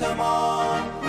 on.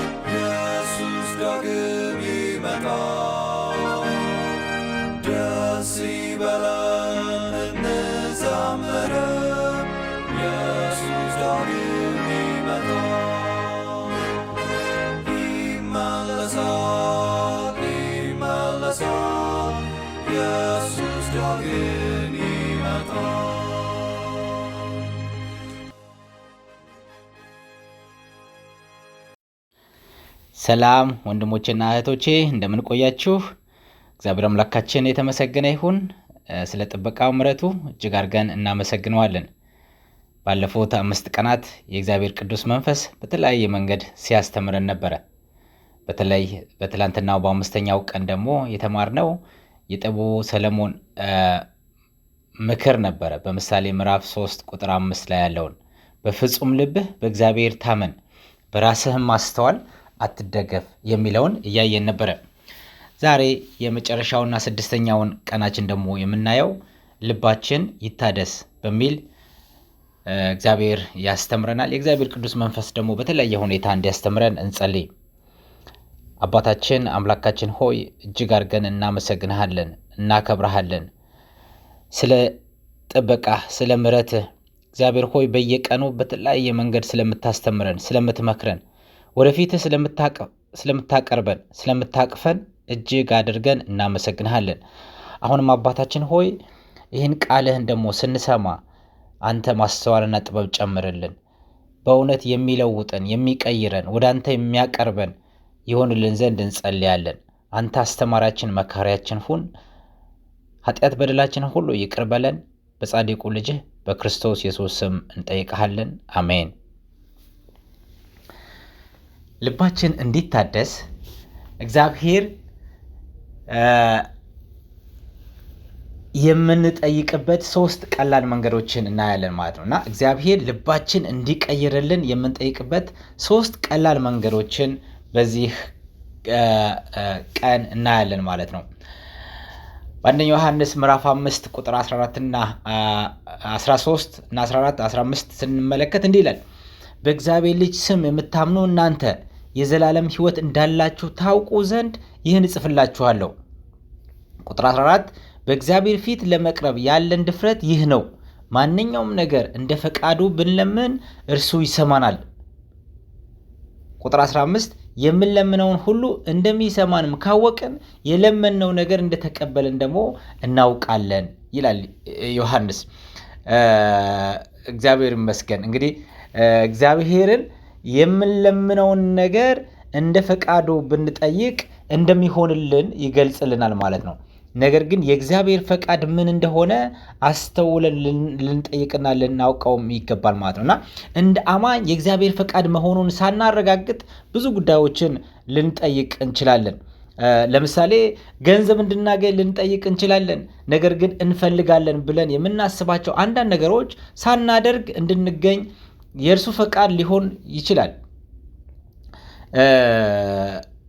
ሰላም ወንድሞቼና እህቶቼ እንደምን ቆያችሁ? እግዚአብሔር አምላካችን የተመሰገነ ይሁን። ስለ ጥበቃው ምረቱ እጅግ አድርገን እናመሰግነዋለን። ባለፉት አምስት ቀናት የእግዚአብሔር ቅዱስ መንፈስ በተለያየ መንገድ ሲያስተምረን ነበረ። በተለይ በትላንትናው በአምስተኛው ቀን ደግሞ የተማርነው የጠቡ ሰለሞን ምክር ነበረ። በምሳሌ ምዕራፍ 3 ቁጥር አምስት ላይ ያለውን በፍጹም ልብህ በእግዚአብሔር ታመን፣ በራስህም ማስተዋል አትደገፍ የሚለውን እያየን ነበረ። ዛሬ የመጨረሻውና ስድስተኛውን ቀናችን ደግሞ የምናየው ልባችን ይታደስ በሚል እግዚአብሔር ያስተምረናል። የእግዚአብሔር ቅዱስ መንፈስ ደግሞ በተለያየ ሁኔታ እንዲያስተምረን እንጸልይ። አባታችን አምላካችን ሆይ እጅግ አድርገን እናመሰግንሃለን፣ እናከብረሃለን ስለ ጥበቃህ፣ ስለ ምረትህ። እግዚአብሔር ሆይ በየቀኑ በተለያየ መንገድ ስለምታስተምረን፣ ስለምትመክረን ወደፊት ስለምታቀርበን ስለምታቅፈን እጅግ አድርገን እናመሰግንሃለን። አሁንም አባታችን ሆይ ይህን ቃልህን ደግሞ ስንሰማ አንተ ማስተዋልና ጥበብ ጨምርልን። በእውነት የሚለውጠን የሚቀይረን፣ ወደ አንተ የሚያቀርበን ይሆንልን ዘንድ እንጸልያለን። አንተ አስተማሪያችን፣ መካሪያችን ሁን። ኃጢአት በደላችን ሁሉ ይቅር በለን። በጻድቁ ልጅህ በክርስቶስ ኢየሱስ ስም እንጠይቀሃለን። አሜን። ልባችን እንዲታደስ እግዚአብሔር የምንጠይቅበት ሶስት ቀላል መንገዶችን እናያለን ማለት ነው እና እግዚአብሔር ልባችን እንዲቀይርልን የምንጠይቅበት ሶስት ቀላል መንገዶችን በዚህ ቀን እናያለን ማለት ነው። በአንደኛ ዮሐንስ ምዕራፍ 5 ቁጥር 14 እና 13 እና 14 15 ስንመለከት እንዲህ ይላል፣ በእግዚአብሔር ልጅ ስም የምታምኑ እናንተ የዘላለም ሕይወት እንዳላችሁ ታውቁ ዘንድ ይህን እጽፍላችኋለሁ። ቁጥር 14 በእግዚአብሔር ፊት ለመቅረብ ያለን ድፍረት ይህ ነው፣ ማንኛውም ነገር እንደ ፈቃዱ ብንለምን እርሱ ይሰማናል። ቁጥር 15 የምንለምነውን ሁሉ እንደሚሰማንም ካወቅን የለመነው ነገር እንደተቀበልን ደግሞ እናውቃለን ይላል ዮሐንስ። እግዚአብሔር ይመስገን። እንግዲህ እግዚአብሔርን የምንለምነውን ነገር እንደ ፈቃዱ ብንጠይቅ እንደሚሆንልን ይገልጽልናል ማለት ነው። ነገር ግን የእግዚአብሔር ፈቃድ ምን እንደሆነ አስተውለን ልንጠይቅና ልናውቀውም ይገባል ማለት ነው እና እንደ አማኝ የእግዚአብሔር ፈቃድ መሆኑን ሳናረጋግጥ ብዙ ጉዳዮችን ልንጠይቅ እንችላለን። ለምሳሌ ገንዘብ እንድናገኝ ልንጠይቅ እንችላለን። ነገር ግን እንፈልጋለን ብለን የምናስባቸው አንዳንድ ነገሮች ሳናደርግ እንድንገኝ የእርሱ ፈቃድ ሊሆን ይችላል።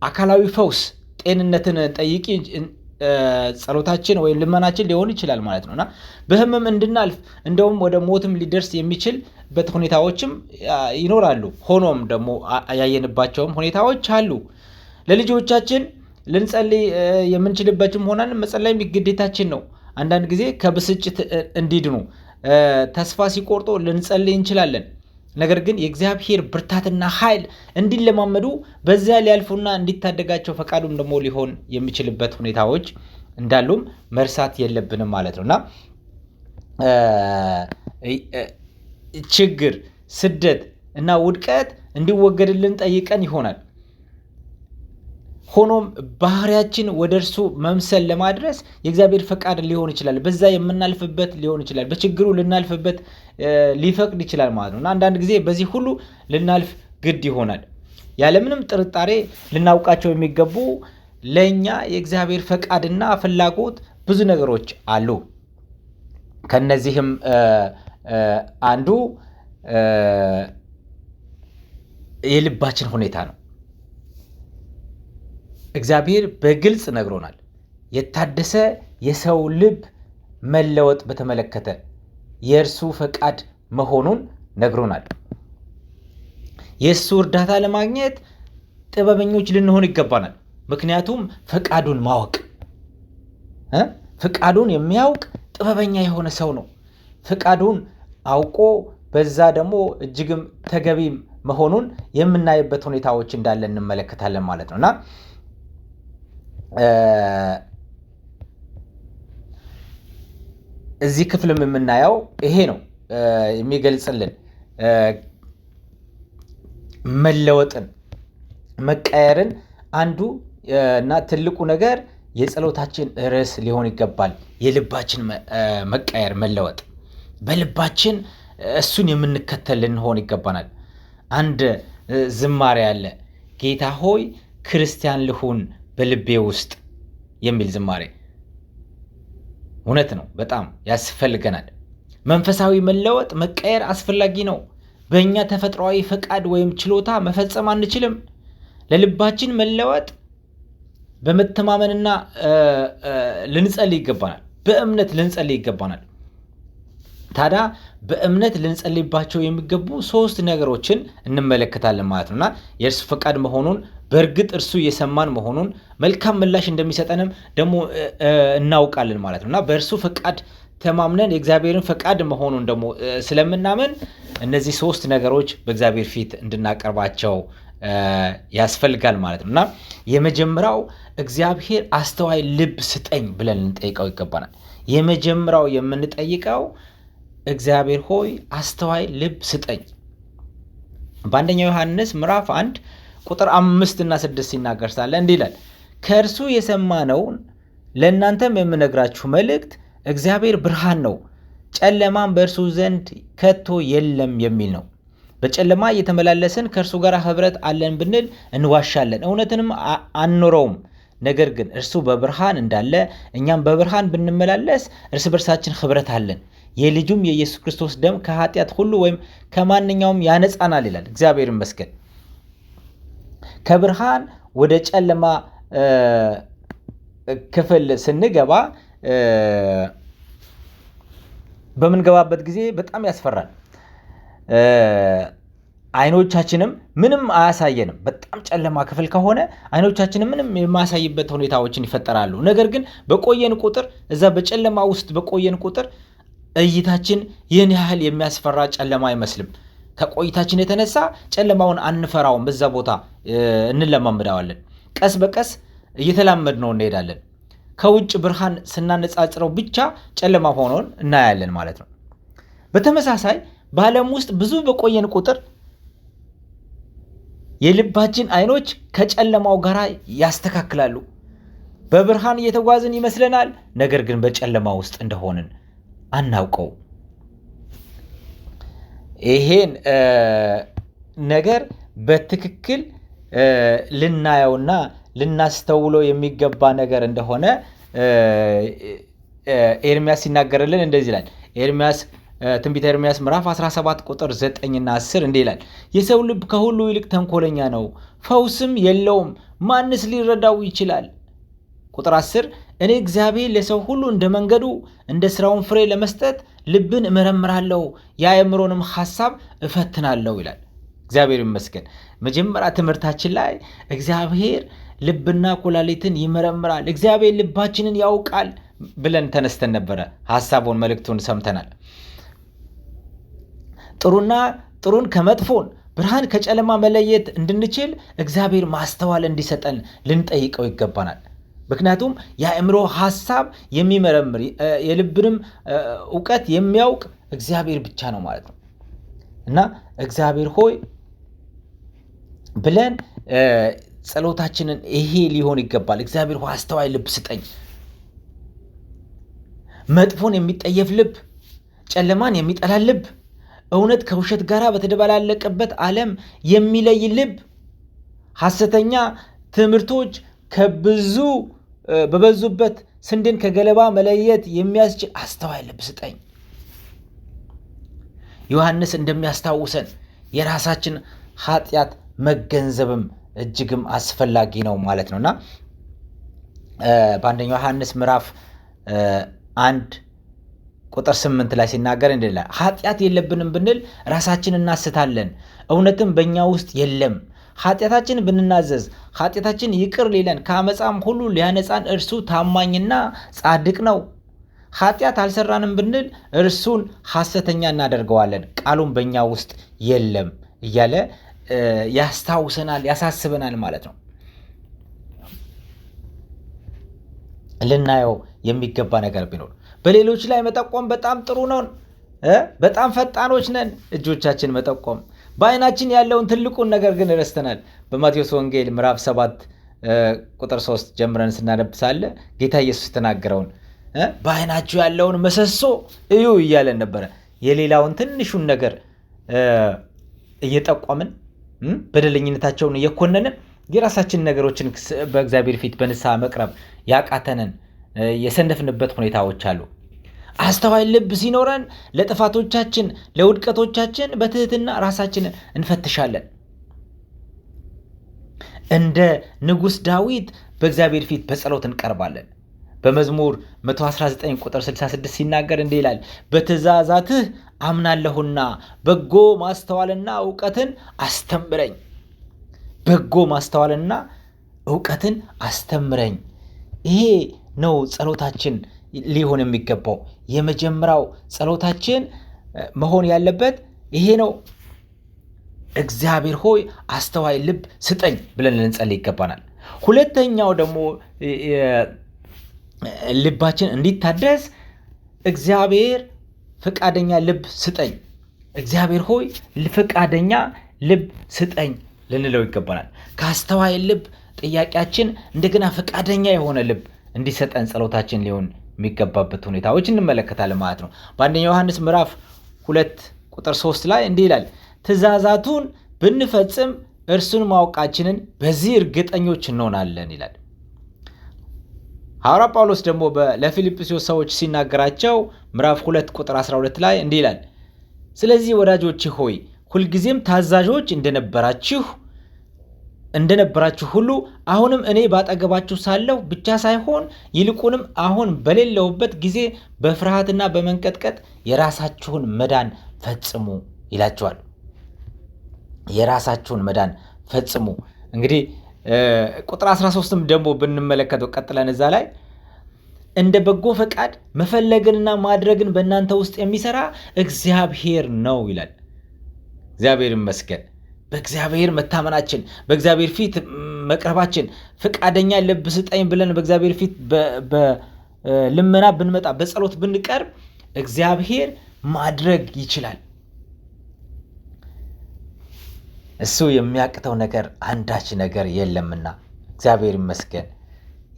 አካላዊ ፈውስ፣ ጤንነትን ጠይቂ ጸሎታችን ወይም ልመናችን ሊሆን ይችላል ማለት ነው እና በህመም እንድናልፍ እንደውም ወደ ሞትም ሊደርስ የሚችልበት ሁኔታዎችም ይኖራሉ። ሆኖም ደግሞ ያየንባቸውም ሁኔታዎች አሉ። ለልጆቻችን ልንጸልይ የምንችልበትም ሆናን መጸለይም ግዴታችን ነው። አንዳንድ ጊዜ ከብስጭት እንዲድኑ ተስፋ ሲቆርጡ ልንጸልይ እንችላለን። ነገር ግን የእግዚአብሔር ብርታትና ኃይል እንዲለማመዱ በዚያ ሊያልፉና እንዲታደጋቸው ፈቃዱም ደግሞ ሊሆን የሚችልበት ሁኔታዎች እንዳሉም መርሳት የለብንም ማለት ነው እና ችግር፣ ስደት እና ውድቀት እንዲወገድልን ጠይቀን ይሆናል። ሆኖም ባህሪያችን ወደ እርሱ መምሰል ለማድረስ የእግዚአብሔር ፈቃድ ሊሆን ይችላል። በዛ የምናልፍበት ሊሆን ይችላል። በችግሩ ልናልፍበት ሊፈቅድ ይችላል ማለት ነው እና አንዳንድ ጊዜ በዚህ ሁሉ ልናልፍ ግድ ይሆናል። ያለምንም ጥርጣሬ ልናውቃቸው የሚገቡ ለእኛ የእግዚአብሔር ፈቃድና ፍላጎት ብዙ ነገሮች አሉ። ከነዚህም አንዱ የልባችን ሁኔታ ነው። እግዚአብሔር በግልጽ ነግሮናል። የታደሰ የሰው ልብ መለወጥ በተመለከተ የእርሱ ፈቃድ መሆኑን ነግሮናል። የእሱ እርዳታ ለማግኘት ጥበበኞች ልንሆን ይገባናል። ምክንያቱም ፈቃዱን ማወቅ ፈቃዱን የሚያውቅ ጥበበኛ የሆነ ሰው ነው። ፈቃዱን አውቆ በዛ ደግሞ እጅግም ተገቢም መሆኑን የምናይበት ሁኔታዎች እንዳለ እንመለከታለን ማለት ነው እና እዚህ ክፍልም የምናየው ይሄ ነው የሚገልጽልን መለወጥን መቀየርን አንዱ እና ትልቁ ነገር የጸሎታችን ርዕስ ሊሆን ይገባል። የልባችን መቀየር መለወጥ፣ በልባችን እሱን የምንከተል ልንሆን ይገባናል። አንድ ዝማሬ አለ። ጌታ ሆይ ክርስቲያን ልሁን በልቤ ውስጥ የሚል ዝማሬ እውነት ነው፣ በጣም ያስፈልገናል። መንፈሳዊ መለወጥ መቀየር አስፈላጊ ነው። በእኛ ተፈጥሯዊ ፈቃድ ወይም ችሎታ መፈጸም አንችልም። ለልባችን መለወጥ በመተማመንና ልንጸልይ ይገባናል። በእምነት ልንጸልይ ይገባናል። ታዲያ በእምነት ልንጸልይባቸው የሚገቡ ሶስት ነገሮችን እንመለከታለን ማለት ነውና የእርሱ ፈቃድ መሆኑን በእርግጥ እርሱ እየሰማን መሆኑን መልካም ምላሽ እንደሚሰጠንም ደግሞ እናውቃለን ማለት ነውና በእርሱ ፈቃድ ተማምነን የእግዚአብሔርን ፈቃድ መሆኑን ደግሞ ስለምናመን እነዚህ ሶስት ነገሮች በእግዚአብሔር ፊት እንድናቀርባቸው ያስፈልጋል ማለት ነው እና የመጀመሪያው እግዚአብሔር አስተዋይ ልብ ስጠኝ ብለን ልንጠይቀው ይገባናል። የመጀመሪያው የምንጠይቀው እግዚአብሔር ሆይ አስተዋይ ልብ ስጠኝ። በአንደኛው ዮሐንስ ምዕራፍ አንድ ቁጥር አምስት እና ስድስት ሲናገር ሳለ እንዲህ ይላል ከእርሱ የሰማነው ለእናንተም የምነግራችሁ መልእክት እግዚአብሔር ብርሃን ነው፣ ጨለማም በእርሱ ዘንድ ከቶ የለም የሚል ነው። በጨለማ እየተመላለስን ከእርሱ ጋር ህብረት አለን ብንል እንዋሻለን፣ እውነትንም አንኖረውም። ነገር ግን እርሱ በብርሃን እንዳለ እኛም በብርሃን ብንመላለስ እርስ በርሳችን ኅብረት አለን፣ የልጁም የኢየሱስ ክርስቶስ ደም ከኃጢአት ሁሉ ወይም ከማንኛውም ያነጻናል ይላል። እግዚአብሔር ይመስገን። ከብርሃን ወደ ጨለማ ክፍል ስንገባ በምንገባበት ጊዜ በጣም ያስፈራል። አይኖቻችንም ምንም አያሳየንም። በጣም ጨለማ ክፍል ከሆነ አይኖቻችንም ምንም የማያሳይበት ሁኔታዎችን ይፈጠራሉ። ነገር ግን በቆየን ቁጥር እዛ በጨለማ ውስጥ በቆየን ቁጥር እይታችን ይህን ያህል የሚያስፈራ ጨለማ አይመስልም። ከቆይታችን የተነሳ ጨለማውን አንፈራውም። በዛ ቦታ እንለማምደዋለን። ቀስ በቀስ እየተላመድ ነው እንሄዳለን። ከውጭ ብርሃን ስናነጻጽረው ብቻ ጨለማ ሆኖን እናያለን ማለት ነው። በተመሳሳይ በዓለም ውስጥ ብዙ በቆየን ቁጥር የልባችን አይኖች ከጨለማው ጋር ያስተካክላሉ። በብርሃን እየተጓዝን ይመስለናል፣ ነገር ግን በጨለማ ውስጥ እንደሆንን አናውቀው። ይሄን ነገር በትክክል ልናየውና ልናስተውለው የሚገባ ነገር እንደሆነ ኤርሚያስ ሲናገርልን እንደዚህ ይላል ኤርሚያስ ትንቢተ ኤርምያስ ምዕራፍ 17 ቁጥር 9 እና 10 እንዲህ ይላል፣ የሰው ልብ ከሁሉ ይልቅ ተንኮለኛ ነው፣ ፈውስም የለውም፣ ማንስ ሊረዳው ይችላል? ቁጥር 10 እኔ እግዚአብሔር ለሰው ሁሉ እንደ መንገዱ እንደ ስራውን ፍሬ ለመስጠት ልብን እመረምራለሁ፣ የአእምሮንም ሐሳብ እፈትናለሁ ይላል። እግዚአብሔር ይመስገን። መጀመሪያ ትምህርታችን ላይ እግዚአብሔር ልብና ኩላሊትን ይመረምራል፣ እግዚአብሔር ልባችንን ያውቃል ብለን ተነስተን ነበረ። ሐሳቡን መልእክቱን ሰምተናል። ጥሩና ጥሩን ከመጥፎን ብርሃን ከጨለማ መለየት እንድንችል እግዚአብሔር ማስተዋል እንዲሰጠን ልንጠይቀው ይገባናል። ምክንያቱም የአእምሮ ሀሳብ የሚመረምር የልብንም እውቀት የሚያውቅ እግዚአብሔር ብቻ ነው ማለት ነው እና እግዚአብሔር ሆይ ብለን ጸሎታችንን ይሄ ሊሆን ይገባል። እግዚአብሔር ሆይ አስተዋይ ልብ ስጠኝ። መጥፎን የሚጠየፍ ልብ፣ ጨለማን የሚጠላ ልብ እውነት ከውሸት ጋር በተደባላለቀበት ዓለም የሚለይ ልብ ሐሰተኛ ትምህርቶች ከብዙ በበዙበት ስንዴን ከገለባ መለየት የሚያስችል አስተዋይ ልብ ስጠኝ። ዮሐንስ እንደሚያስታውሰን የራሳችን ኃጢአት መገንዘብም እጅግም አስፈላጊ ነው ማለት ነው እና በአንደኛው ዮሐንስ ምዕራፍ አንድ ቁጥር ስምንት ላይ ሲናገር እንደለ ኃጢአት የለብንም ብንል ራሳችን እናስታለን፣ እውነትም በእኛ ውስጥ የለም። ኃጢአታችን ብንናዘዝ ኃጢአታችን ይቅር ሊለን ከአመፃም ሁሉ ሊያነፃን እርሱ ታማኝና ጻድቅ ነው። ኃጢአት አልሰራንም ብንል እርሱን ሐሰተኛ እናደርገዋለን፣ ቃሉም በእኛ ውስጥ የለም እያለ ያስታውሰናል፣ ያሳስበናል ማለት ነው። ልናየው የሚገባ ነገር ቢኖር በሌሎች ላይ መጠቆም በጣም ጥሩ ነው። በጣም ፈጣኖች ነን እጆቻችን መጠቆም። በአይናችን ያለውን ትልቁን ነገር ግን ረስተናል። በማቴዎስ ወንጌል ምዕራፍ 7 ቁጥር 3 ጀምረን ስናነብሳለ ጌታ ኢየሱስ የተናገረውን በአይናችሁ ያለውን መሰሶ እዩ እያለን ነበረ። የሌላውን ትንሹን ነገር እየጠቆምን በደለኝነታቸውን እየኮነንን የራሳችን ነገሮችን በእግዚአብሔር ፊት በንስሐ መቅረብ ያቃተንን የሰነፍንበት ሁኔታዎች አሉ። አስተዋይ ልብ ሲኖረን ለጥፋቶቻችን፣ ለውድቀቶቻችን በትህትና ራሳችንን እንፈትሻለን። እንደ ንጉሥ ዳዊት በእግዚአብሔር ፊት በጸሎት እንቀርባለን። በመዝሙር 119 ቁጥር 66 ሲናገር እንዲህ ይላል፣ በትእዛዛትህ አምናለሁና በጎ ማስተዋልና እውቀትን አስተምረኝ። በጎ ማስተዋልና እውቀትን አስተምረኝ። ይሄ ነው ጸሎታችን። ሊሆን የሚገባው። የመጀመሪያው ጸሎታችን መሆን ያለበት ይሄ ነው። እግዚአብሔር ሆይ አስተዋይ ልብ ስጠኝ ብለን ልንጸልይ ይገባናል። ሁለተኛው ደግሞ ልባችን እንዲታደስ እግዚአብሔር ፈቃደኛ ልብ ስጠኝ፣ እግዚአብሔር ሆይ ፈቃደኛ ልብ ስጠኝ ልንለው ይገባናል። ከአስተዋይ ልብ ጥያቄያችን እንደገና ፈቃደኛ የሆነ ልብ እንዲሰጠን ጸሎታችን ሊሆን የሚገባበት ሁኔታዎች እንመለከታለን ማለት ነው። በአንደኛ ዮሐንስ ምዕራፍ ሁለት ቁጥር ሶስት ላይ እንዲህ ይላል ትእዛዛቱን ብንፈጽም እርሱን ማወቃችንን በዚህ እርግጠኞች እንሆናለን ይላል። ሐዋርያ ጳውሎስ ደግሞ ለፊልጵስዩስ ሰዎች ሲናገራቸው ምዕራፍ 2 ቁጥር 12 ላይ እንዲህ ይላል፣ ስለዚህ ወዳጆች ሆይ ሁልጊዜም ታዛዦች እንደነበራችሁ እንደነበራችሁ ሁሉ አሁንም እኔ ባጠገባችሁ ሳለሁ ብቻ ሳይሆን ይልቁንም አሁን በሌለውበት ጊዜ በፍርሃትና በመንቀጥቀጥ የራሳችሁን መዳን ፈጽሙ ይላቸዋል። የራሳችሁን መዳን ፈጽሙ። እንግዲህ ቁጥር 13ም ደግሞ ብንመለከተው ቀጥለን እዛ ላይ እንደ በጎ ፈቃድ መፈለግንና ማድረግን በእናንተ ውስጥ የሚሰራ እግዚአብሔር ነው ይላል። እግዚአብሔር ይመስገን። በእግዚአብሔር መታመናችን በእግዚአብሔር ፊት መቅረባችን ፈቃደኛ ልብ ስጠኝ ብለን በእግዚአብሔር ፊት በልመና ብንመጣ በጸሎት ብንቀርብ እግዚአብሔር ማድረግ ይችላል። እሱ የሚያቅተው ነገር አንዳች ነገር የለምና እግዚአብሔር ይመስገን።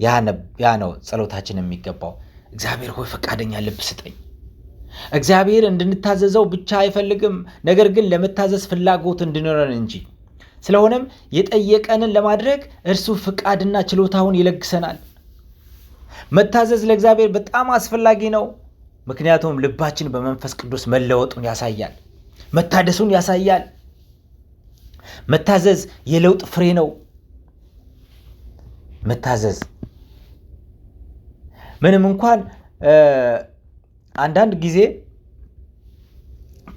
ያ ነው ጸሎታችን የሚገባው። እግዚአብሔር ሆይ ፈቃደኛ ልብ ስጠኝ እግዚአብሔር እንድንታዘዘው ብቻ አይፈልግም፣ ነገር ግን ለመታዘዝ ፍላጎት እንዲኖረን እንጂ። ስለሆነም የጠየቀንን ለማድረግ እርሱ ፍቃድና ችሎታውን ይለግሰናል። መታዘዝ ለእግዚአብሔር በጣም አስፈላጊ ነው፣ ምክንያቱም ልባችን በመንፈስ ቅዱስ መለወጡን ያሳያል፣ መታደሱን ያሳያል። መታዘዝ የለውጥ ፍሬ ነው። መታዘዝ ምንም እንኳን አንዳንድ ጊዜ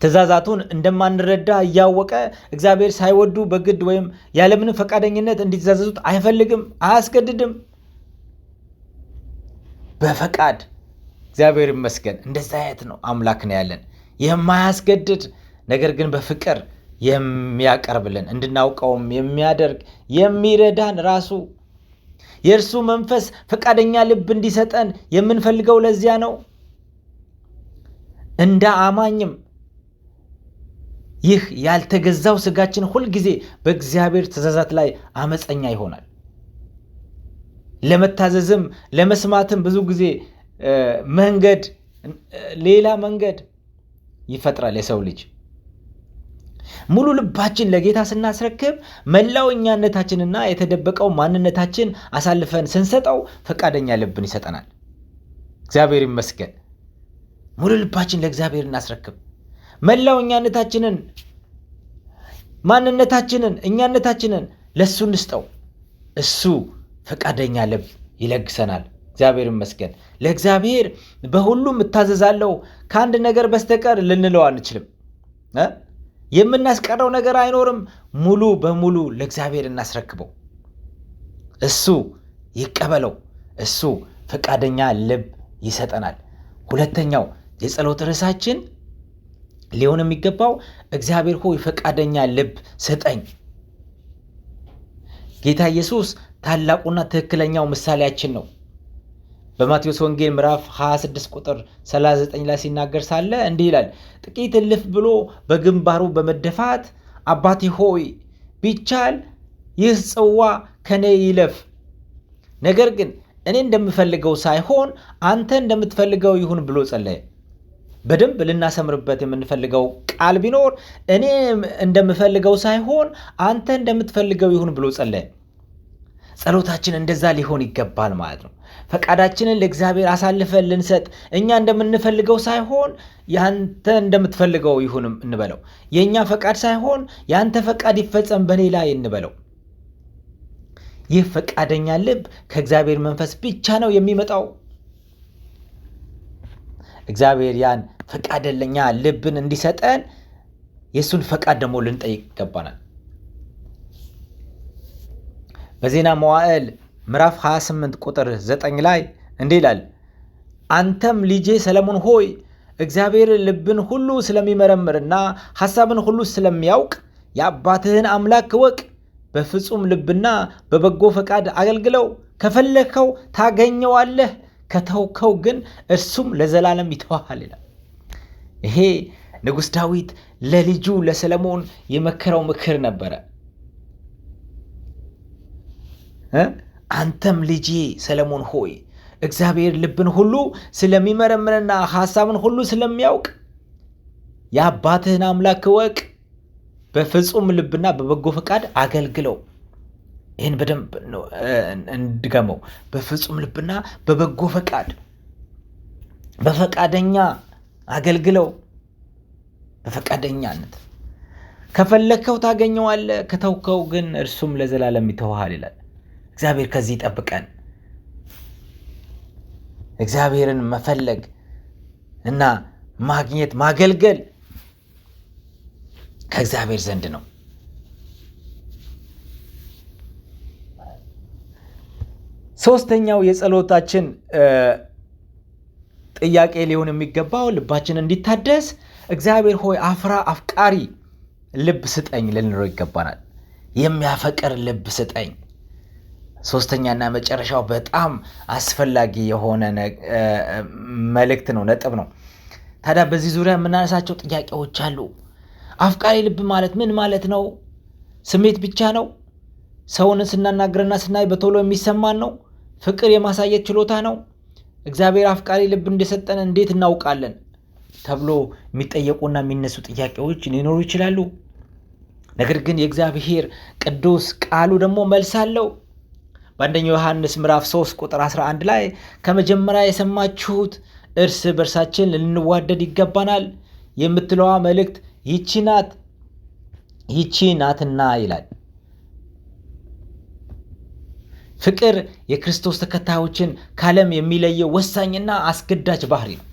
ትእዛዛቱን እንደማንረዳ እያወቀ እግዚአብሔር ሳይወዱ በግድ ወይም ያለምንም ፈቃደኝነት እንዲታዘዙት አይፈልግም፣ አያስገድድም። በፈቃድ እግዚአብሔር ይመስገን እንደዚ አይነት ነው አምላክ ነው ያለን የማያስገድድ ነገር ግን በፍቅር የሚያቀርብልን እንድናውቀውም የሚያደርግ የሚረዳን ራሱ የእርሱ መንፈስ ፈቃደኛ ልብ እንዲሰጠን የምንፈልገው ለዚያ ነው። እንደ አማኝም ይህ ያልተገዛው ስጋችን ሁልጊዜ በእግዚአብሔር ትእዛዛት ላይ አመፀኛ ይሆናል። ለመታዘዝም ለመስማትም ብዙ ጊዜ መንገድ ሌላ መንገድ ይፈጥራል የሰው ልጅ። ሙሉ ልባችን ለጌታ ስናስረክብ መላው እኛነታችንና የተደበቀው ማንነታችን አሳልፈን ስንሰጠው ፈቃደኛ ልብን ይሰጠናል። እግዚአብሔር ይመስገን። ሙሉ ልባችን ለእግዚአብሔር እናስረክብ። መላው እኛነታችንን ማንነታችንን እኛነታችንን ለእሱ እንስጠው። እሱ ፈቃደኛ ልብ ይለግሰናል። እግዚአብሔር ይመስገን። ለእግዚአብሔር በሁሉም እታዘዛለሁ ከአንድ ነገር በስተቀር ልንለው አንችልም። የምናስቀረው ነገር አይኖርም። ሙሉ በሙሉ ለእግዚአብሔር እናስረክበው። እሱ ይቀበለው። እሱ ፈቃደኛ ልብ ይሰጠናል። ሁለተኛው የጸሎት ርዕሳችን ሊሆን የሚገባው እግዚአብሔር ሆይ ፈቃደኛ ልብ ስጠኝ። ጌታ ኢየሱስ ታላቁና ትክክለኛው ምሳሌያችን ነው። በማቴዎስ ወንጌል ምዕራፍ 26 ቁጥር 39 ላይ ሲናገር ሳለ እንዲህ ይላል፣ ጥቂት እልፍ ብሎ በግንባሩ በመደፋት አባቴ ሆይ ቢቻል ይህ ጽዋ ከኔ ይለፍ፣ ነገር ግን እኔ እንደምፈልገው ሳይሆን አንተ እንደምትፈልገው ይሁን ብሎ ጸለየ። በደንብ ልናሰምርበት የምንፈልገው ቃል ቢኖር እኔ እንደምፈልገው ሳይሆን አንተ እንደምትፈልገው ይሁን ብሎ ጸለየ። ጸሎታችን እንደዛ ሊሆን ይገባል ማለት ነው። ፈቃዳችንን ለእግዚአብሔር አሳልፈን ልንሰጥ እኛ እንደምንፈልገው ሳይሆን ያንተ እንደምትፈልገው ይሁንም እንበለው። የእኛ ፈቃድ ሳይሆን ያንተ ፈቃድ ይፈጸም በእኔ ላይ እንበለው። ይህ ፈቃደኛ ልብ ከእግዚአብሔር መንፈስ ብቻ ነው የሚመጣው። እግዚአብሔር ያን ፈቃደለኛ ልብን እንዲሰጠን የእሱን ፈቃድ ደግሞ ልንጠይቅ ይገባናል። በዜና መዋዕል ምዕራፍ 28 ቁጥር 9 ላይ እንዲህ ይላል፣ አንተም ልጄ ሰለሞን ሆይ እግዚአብሔር ልብን ሁሉ ስለሚመረምርና ሐሳብን ሁሉ ስለሚያውቅ የአባትህን አምላክ ወቅ በፍጹም ልብና በበጎ ፈቃድ አገልግለው፣ ከፈለግከው ታገኘዋለህ ከተውከው ግን እርሱም ለዘላለም ይተዋሃል ይላል። ይሄ ንጉሥ ዳዊት ለልጁ ለሰለሞን የመከረው ምክር ነበረ። አንተም ልጄ ሰለሞን ሆይ እግዚአብሔር ልብን ሁሉ ስለሚመረምርና ሐሳብን ሁሉ ስለሚያውቅ የአባትህን አምላክ እወቅ፣ በፍጹም ልብና በበጎ ፈቃድ አገልግለው። ይህን በደንብ እንድገመው። በፍጹም ልብና በበጎ ፈቃድ በፈቃደኛ አገልግለው በፈቃደኛነት ከፈለግከው ታገኘዋለህ፣ ከተውከው ግን እርሱም ለዘላለም ይተውሃል ይላል። እግዚአብሔር ከዚህ ይጠብቀን። እግዚአብሔርን መፈለግ እና ማግኘት ማገልገል ከእግዚአብሔር ዘንድ ነው። ሶስተኛው የጸሎታችን ጥያቄ ሊሆን የሚገባው ልባችን እንዲታደስ እግዚአብሔር ሆይ አፍራ አፍቃሪ ልብ ስጠኝ ልንለው ይገባናል። የሚያፈቅር ልብ ስጠኝ። ሶስተኛና መጨረሻው በጣም አስፈላጊ የሆነ መልእክት ነው፣ ነጥብ ነው። ታዲያ በዚህ ዙሪያ የምናነሳቸው ጥያቄዎች አሉ። አፍቃሪ ልብ ማለት ምን ማለት ነው? ስሜት ብቻ ነው? ሰውን ስናናግርና ስናይ በቶሎ የሚሰማን ነው ፍቅር የማሳየት ችሎታ ነው? እግዚአብሔር አፍቃሪ ልብ እንደሰጠን እንዴት እናውቃለን? ተብሎ የሚጠየቁና የሚነሱ ጥያቄዎች ሊኖሩ ይችላሉ። ነገር ግን የእግዚአብሔር ቅዱስ ቃሉ ደግሞ መልስ አለው። በአንደኛው ዮሐንስ ምዕራፍ 3 ቁጥር 11 ላይ ከመጀመሪያ የሰማችሁት እርስ በርሳችን ልንዋደድ ይገባናል የምትለዋ መልእክት ይቺ ናት ይቺ ናትና ይላል። ፍቅር የክርስቶስ ተከታዮችን ከዓለም የሚለየው ወሳኝና አስገዳጅ ባህሪ ነው።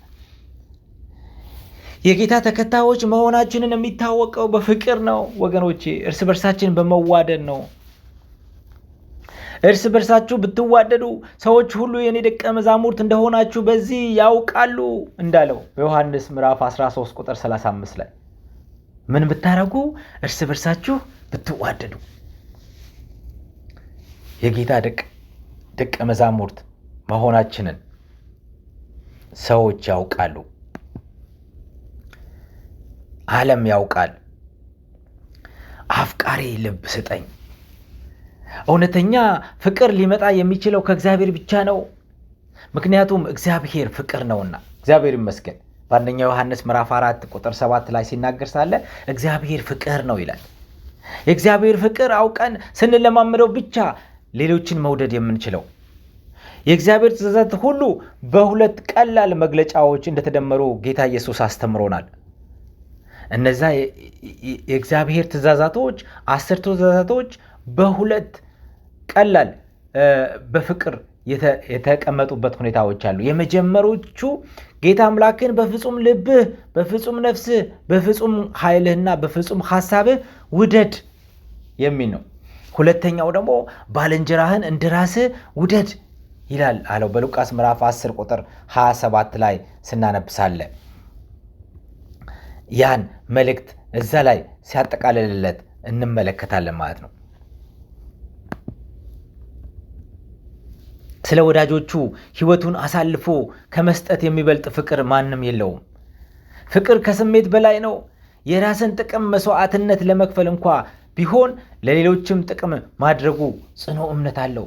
የጌታ ተከታዮች መሆናችንን የሚታወቀው በፍቅር ነው ወገኖቼ፣ እርስ በርሳችን በመዋደድ ነው። እርስ በርሳችሁ ብትዋደዱ ሰዎች ሁሉ የኔ ደቀ መዛሙርት እንደሆናችሁ በዚህ ያውቃሉ እንዳለው በዮሐንስ ምዕራፍ 13 ቁጥር 35 ላይ ምን ብታረጉ እርስ በርሳችሁ ብትዋደዱ የጌታ ደቀ መዛሙርት መሆናችንን ሰዎች ያውቃሉ፣ ዓለም ያውቃል። አፍቃሪ ልብ ስጠኝ። እውነተኛ ፍቅር ሊመጣ የሚችለው ከእግዚአብሔር ብቻ ነው። ምክንያቱም እግዚአብሔር ፍቅር ነውና፣ እግዚአብሔር ይመስገን። በአንደኛው ዮሐንስ ምዕራፍ አራት ቁጥር ሰባት ላይ ሲናገር ሳለ እግዚአብሔር ፍቅር ነው ይላል። የእግዚአብሔር ፍቅር አውቀን ስንለማምደው ብቻ ሌሎችን መውደድ የምንችለው። የእግዚአብሔር ትእዛዛት ሁሉ በሁለት ቀላል መግለጫዎች እንደተደመሩ ጌታ ኢየሱስ አስተምሮናል። እነዛ የእግዚአብሔር ትእዛዛቶች አስርቱ ትእዛዛቶች በሁለት ቀላል በፍቅር የተቀመጡበት ሁኔታዎች አሉ። የመጀመሮቹ ጌታ አምላክን በፍጹም ልብህ፣ በፍጹም ነፍስህ፣ በፍጹም ኃይልህና በፍጹም ሐሳብህ ውደድ የሚል ነው። ሁለተኛው ደግሞ ባልንጀራህን እንደ ራስህ ውደድ ይላል አለው በሉቃስ ምዕራፍ 10 ቁጥር 27 ላይ ስናነብሳለ ያን መልእክት እዛ ላይ ሲያጠቃልልለት እንመለከታለን ማለት ነው። ስለ ወዳጆቹ ህይወቱን አሳልፎ ከመስጠት የሚበልጥ ፍቅር ማንም የለውም። ፍቅር ከስሜት በላይ ነው። የራስን ጥቅም መስዋዕትነት ለመክፈል እንኳ ቢሆን ለሌሎችም ጥቅም ማድረጉ ጽኑ እምነት አለው።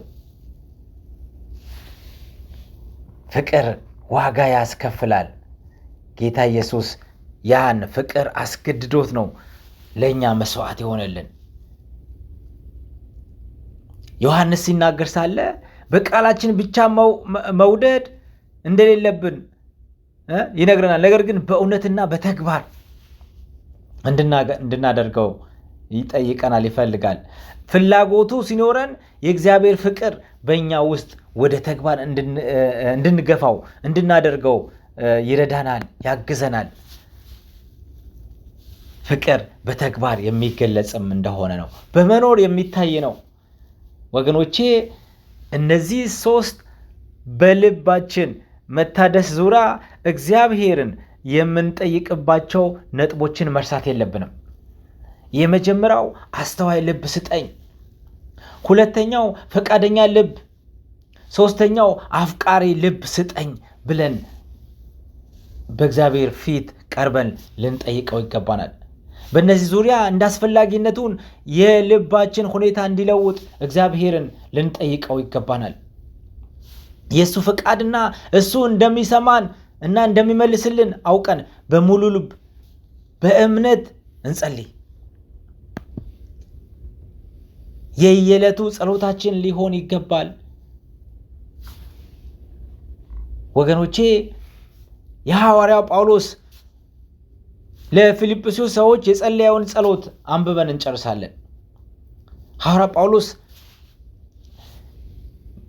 ፍቅር ዋጋ ያስከፍላል። ጌታ ኢየሱስ ያን ፍቅር አስገድዶት ነው ለእኛ መስዋዕት የሆነልን። ዮሐንስ ሲናገር ሳለ በቃላችን ብቻ መውደድ እንደሌለብን ይነግረናል። ነገር ግን በእውነትና በተግባር እንድናደርገው ይጠይቀናል፣ ይፈልጋል። ፍላጎቱ ሲኖረን የእግዚአብሔር ፍቅር በእኛ ውስጥ ወደ ተግባር እንድንገፋው እንድናደርገው ይረዳናል፣ ያግዘናል። ፍቅር በተግባር የሚገለጽም እንደሆነ ነው፣ በመኖር የሚታይ ነው። ወገኖቼ እነዚህ ሶስት በልባችን መታደስ ዙሪያ እግዚአብሔርን የምንጠይቅባቸው ነጥቦችን መርሳት የለብንም። የመጀመሪያው አስተዋይ ልብ ስጠኝ፣ ሁለተኛው ፈቃደኛ ልብ፣ ሶስተኛው አፍቃሪ ልብ ስጠኝ ብለን በእግዚአብሔር ፊት ቀርበን ልንጠይቀው ይገባናል። በእነዚህ ዙሪያ እንዳስፈላጊነቱን የልባችን ሁኔታ እንዲለውጥ እግዚአብሔርን ልንጠይቀው ይገባናል። የእሱ ፈቃድና እሱ እንደሚሰማን እና እንደሚመልስልን አውቀን በሙሉ ልብ በእምነት እንጸልይ። የየዕለቱ ጸሎታችን ሊሆን ይገባል። ወገኖቼ የሐዋርያው ጳውሎስ ለፊልጵስዩ ሰዎች የጸለየውን ጸሎት አንብበን እንጨርሳለን። ሐዋርያ ጳውሎስ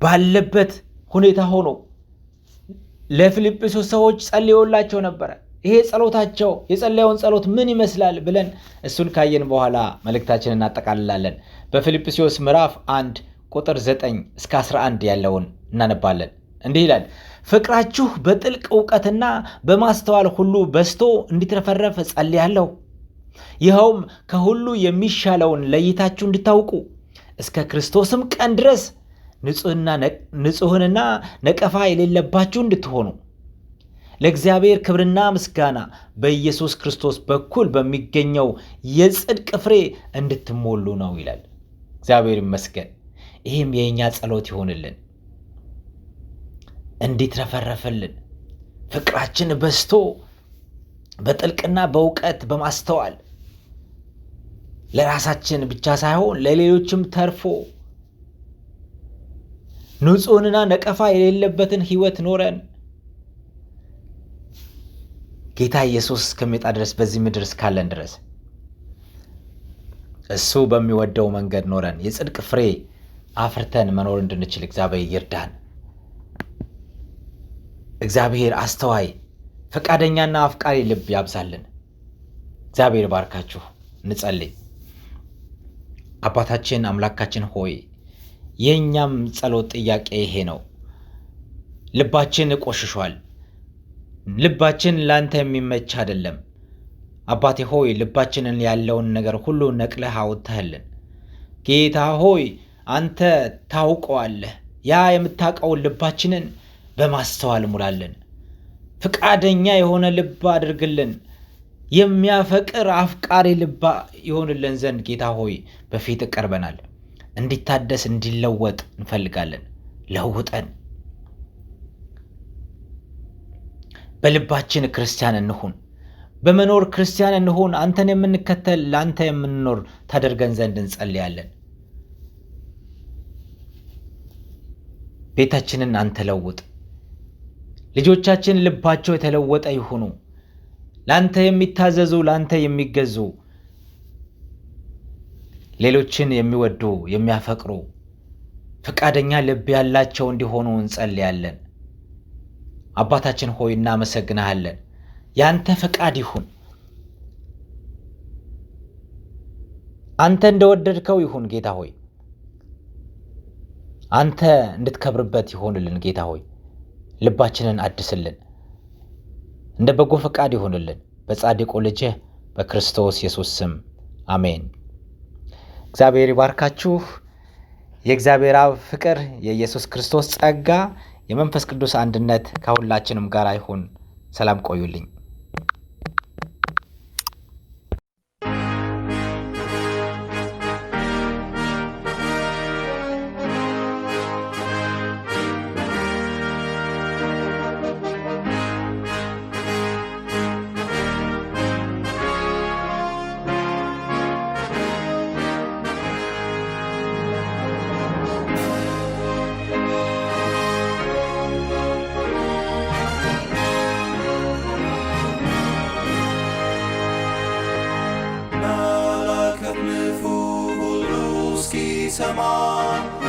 ባለበት ሁኔታ ሆኖ ለፊልጵስዩ ሰዎች ጸልዮላቸው ነበረ። ይሄ ጸሎታቸው የጸለየውን ጸሎት ምን ይመስላል ብለን እሱን ካየን በኋላ መልእክታችንን እናጠቃልላለን። በፊልጵስዎስ ምዕራፍ 1 ቁጥር 9 እስከ 11 ያለውን እናነባለን። እንዲህ ይላል ፍቅራችሁ በጥልቅ እውቀትና በማስተዋል ሁሉ በዝቶ እንዲትረፈረፍ ጸልያለሁ። ይኸውም ከሁሉ የሚሻለውን ለይታችሁ እንድታውቁ እስከ ክርስቶስም ቀን ድረስ ንጹሕና ነቀፋ የሌለባችሁ እንድትሆኑ ለእግዚአብሔር ክብርና ምስጋና በኢየሱስ ክርስቶስ በኩል በሚገኘው የጽድቅ ፍሬ እንድትሞሉ ነው ይላል። እግዚአብሔር ይመስገን። ይህም የእኛ ጸሎት ይሆንልን፣ እንዲትረፈረፍልን፣ ፍቅራችን በዝቶ በጥልቅና በእውቀት በማስተዋል ለራሳችን ብቻ ሳይሆን ለሌሎችም ተርፎ ንጹሕንና ነቀፋ የሌለበትን ሕይወት ኖረን ጌታ ኢየሱስ እስከሚመጣ ድረስ በዚህ ምድር እስካለን ድረስ እሱ በሚወደው መንገድ ኖረን የጽድቅ ፍሬ አፍርተን መኖር እንድንችል እግዚአብሔር ይርዳን። እግዚአብሔር አስተዋይ ፈቃደኛና አፍቃሪ ልብ ያብዛልን። እግዚአብሔር ባርካችሁ። እንጸልይ። አባታችን አምላካችን ሆይ የእኛም ጸሎት ጥያቄ ይሄ ነው። ልባችን ቆሽሿል። ልባችን ላንተ የሚመች አይደለም። አባቴ ሆይ ልባችንን ያለውን ነገር ሁሉ ነቅለህ አውጥተህልን። ጌታ ሆይ አንተ ታውቀዋለህ። ያ የምታውቀውን ልባችንን በማስተዋል ሙላልን። ፍቃደኛ የሆነ ልብ አድርግልን። የሚያፈቅር አፍቃሪ ልባ ይሆንልን ዘንድ ጌታ ሆይ በፊት ቀርበናል። እንዲታደስ እንዲለወጥ እንፈልጋለን። ለውጠን በልባችን ክርስቲያን እንሁን፣ በመኖር ክርስቲያን እንሁን። አንተን የምንከተል ለአንተ የምንኖር ታደርገን ዘንድ እንጸልያለን። ቤታችንን አንተ ለውጥ። ልጆቻችን ልባቸው የተለወጠ ይሁኑ፣ ለአንተ የሚታዘዙ ለአንተ የሚገዙ ሌሎችን የሚወዱ የሚያፈቅሩ ፈቃደኛ ልብ ያላቸው እንዲሆኑ እንጸልያለን። አባታችን ሆይ እናመሰግናሃለን። ያንተ ፈቃድ ይሁን፣ አንተ እንደወደድከው ይሁን ጌታ ሆይ፣ አንተ እንድትከብርበት ይሆንልን ጌታ ሆይ፣ ልባችንን አድስልን፣ እንደ በጎ ፈቃድ ይሆንልን። በጻድቁ ልጅህ በክርስቶስ ኢየሱስ ስም አሜን። እግዚአብሔር ይባርካችሁ። የእግዚአብሔር አብ ፍቅር፣ የኢየሱስ ክርስቶስ ጸጋ የመንፈስ ቅዱስ አንድነት ከሁላችንም ጋር ይሁን። ሰላም ቆዩልኝ። Come on.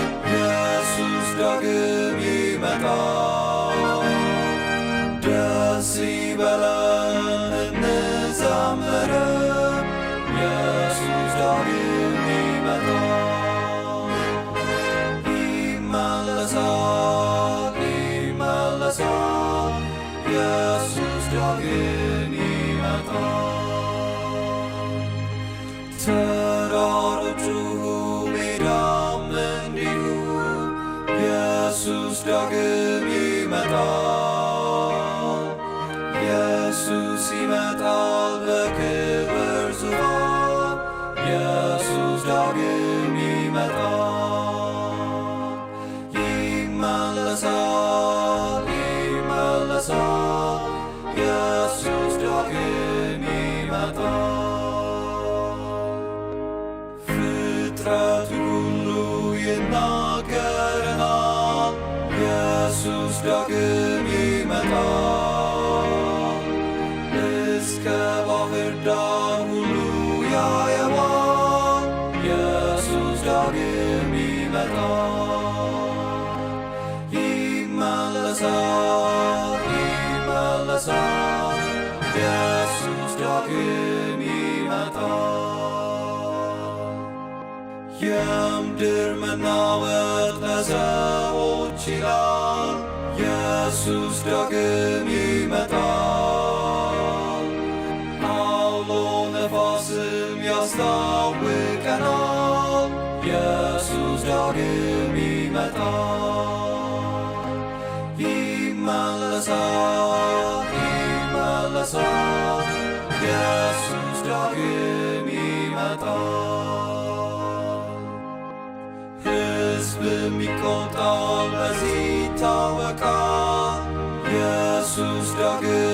ምድር መናወጥ ለሰዎች ይላል። ኢየሱስ ዳግም ይመጣል። አውሎ ነፋስም ያስታውቀናል። ኢየሱስ ዳግም ይመጣል። ይመለሳል ይታወቃል ኢየሱስ ዳግም